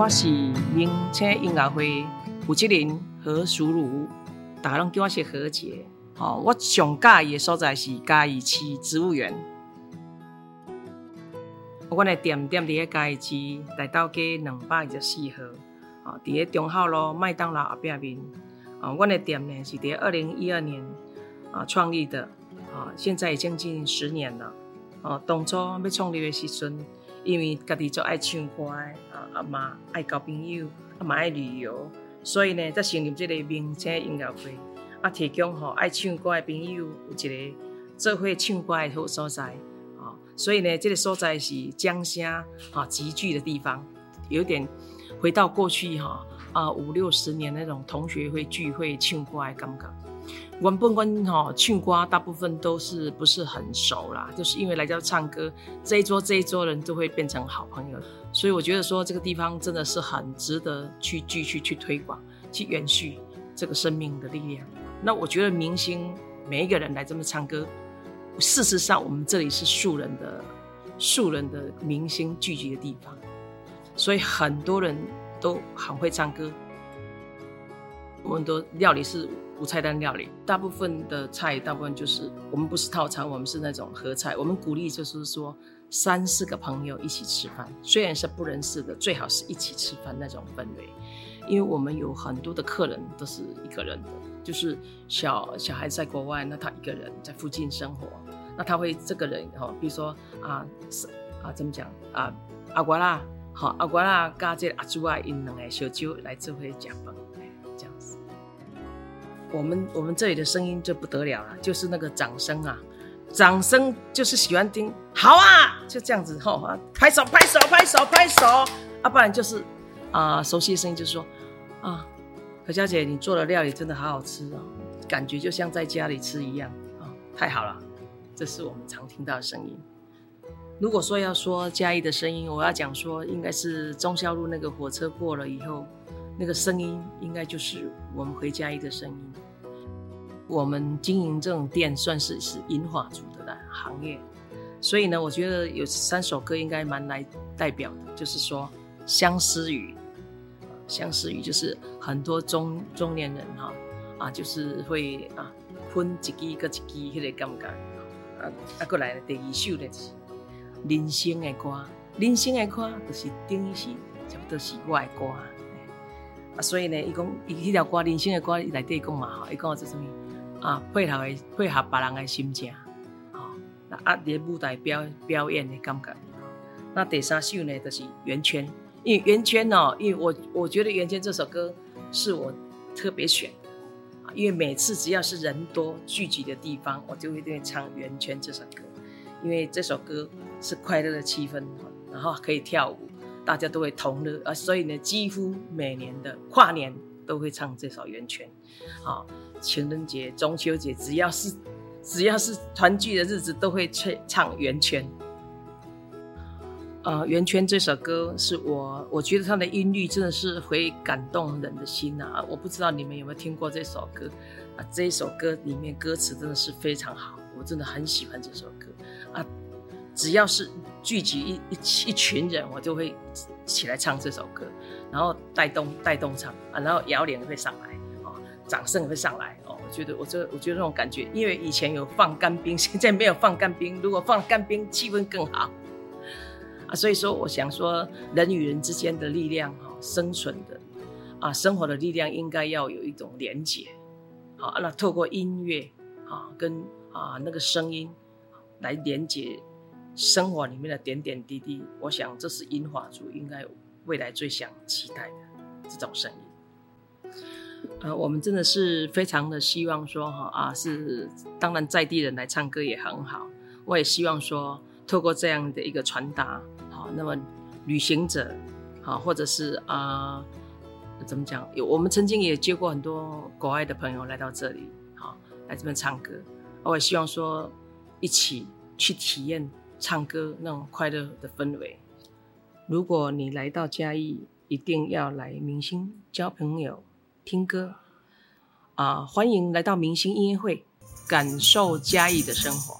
我是明星音樂會負責人何淑如，大家攏叫我是何姐。哦，我上喜歡的所在是嘉義市植物園、 啊啊。我的店店佇嘉義市大道街兩百二十四號，哦，佇個中號路麥當勞後壁面。啊，我的店呢是佇二零一二年創立的，啊、現在已經近十年了。啊、當初阮要創立的時陣，因為家己做愛唱歌，啊啊嘛愛交朋友，啊嘛愛旅遊，所以呢，才成立這個明星音樂會，啊提供吼愛唱歌的朋友有一個做伙唱歌的好所在，啊，所以呢，這個所在是掌聲啊集聚的地方，有點回到過去哈啊五六十年那種同學會聚會唱歌的感覺。我們不管哈，群、哦、瓜大部分都是不是很熟啦，就是因為來這唱歌，這一桌這一桌人都會變成好朋友。所以我覺得說，這個地方真的是很值得去繼續去推廣，去延續這個生命的力量。那我覺得明星每一個人來這邊唱歌，事實上我們這裡是素人的、素人的明星聚集的地方，所以很多人都很會唱歌。我們都料理是。無菜單料理，大部分的菜，大部分就是我們不是套餐，我們是那種合菜。我們鼓勵就是說，三四個朋友一起吃飯，雖然是不認識的，最好是一起吃飯那種氛圍。因為我們有很多的客人都是一個人的，就是小小孩子在國外，那他一個人在附近生活，那他會這個人吼，比如說啊,啊,、呃、啊，啊怎麼講啊，呃、阿瓜啦，好阿瓜啦，加只阿朱啊，因兩個小酒來做去食飯。我們我們這裡的聲音就不得了了，就是那個掌聲啊，掌聲就是喜歡聽，好啊，就這樣子哈、哦，拍手拍手拍手拍手，啊，不然就是啊、呃，熟悉的聲音就是說啊，何小姐，你做的料理真的好好吃哦，感覺就像在家裡吃一樣啊，太好了，這是我們常聽到的聲音。如果說要說嘉義的聲音，我要講說應該是忠孝路那個火車過了以後，那個聲音應該就是我們回嘉義的聲音。我們經營這種店，算是是銀髮族的，的行業，所以呢，我覺得有三首歌應該蠻來代表的，就是說相思《相思雨》。《相思雨》就是很多中中年人哈、啊，啊，就是會啊，分一句、擱幾句迄個感覺。啊，啊，過來第二首呢，就是人的《人生》的歌，《人生》的歌就是等於是，差不多是我的歌。啊，所以呢，伊講伊這條歌《人生》的歌來對伊講嘛吼，伊講我是什麼？啊，配合配合別人的心情，哦，啊，那啊，佇舞台表表演的感覺。那第三首呢，就是《圓圈》，因為《圓圈》哦，因為我我覺得《圓圈》這首歌是我特別選的，因為每次只要是人多聚集的地方，我就會唱《圓圈》這首歌，因為這首歌是快樂的氣氛，哦，然後可以跳舞，大家都會同樂，啊，所以呢，幾乎每年的跨年。都會唱這首《圓圈》，好、啊，情人節、中秋節，只要是只要是團聚的日子，都會唱《圓圈》。啊，《圓圈》這首歌是我，我覺得它的音律真的是會感動人的心吶、啊。我不知道你們有沒有聽過這首歌，啊，這一首歌裡面歌詞真的是非常好，我真的很喜歡這首歌。只要是聚集一一一群人，我就會起來唱這首歌，然後帶動帶動唱啊，然後搖鈴會上來啊，掌聲會上來哦、啊。我覺得，我這我覺得那種感覺，因為以前有放乾冰，現在沒有放乾冰。如果放乾冰，氣氛更好啊。所以說，我想說，人與人之間的力量、啊、生存的啊，生活的力量應該要有一種連接。好、啊，那透過音樂啊，跟啊那個聲音來連接。生活裡面的點點滴滴，我想這是銀髮族應該未來最想期待的這種聲音。呃，我們真的是非常的希望說哈啊，是當然在地人來唱歌也很好。我也希望說，透過這樣的一個傳達，哈、啊，那麼旅行者，哈、啊，或者是啊，怎麼講？有，我們曾經也接過很多國外的朋友來到這裡，哈、啊，來這邊唱歌，啊。我也希望說，一起去體驗。唱歌那種快樂的氛圍。如果你來到嘉義，一定要來明星交朋友、聽歌。啊、呃，歡迎來到明星音樂會，感受嘉義的生活。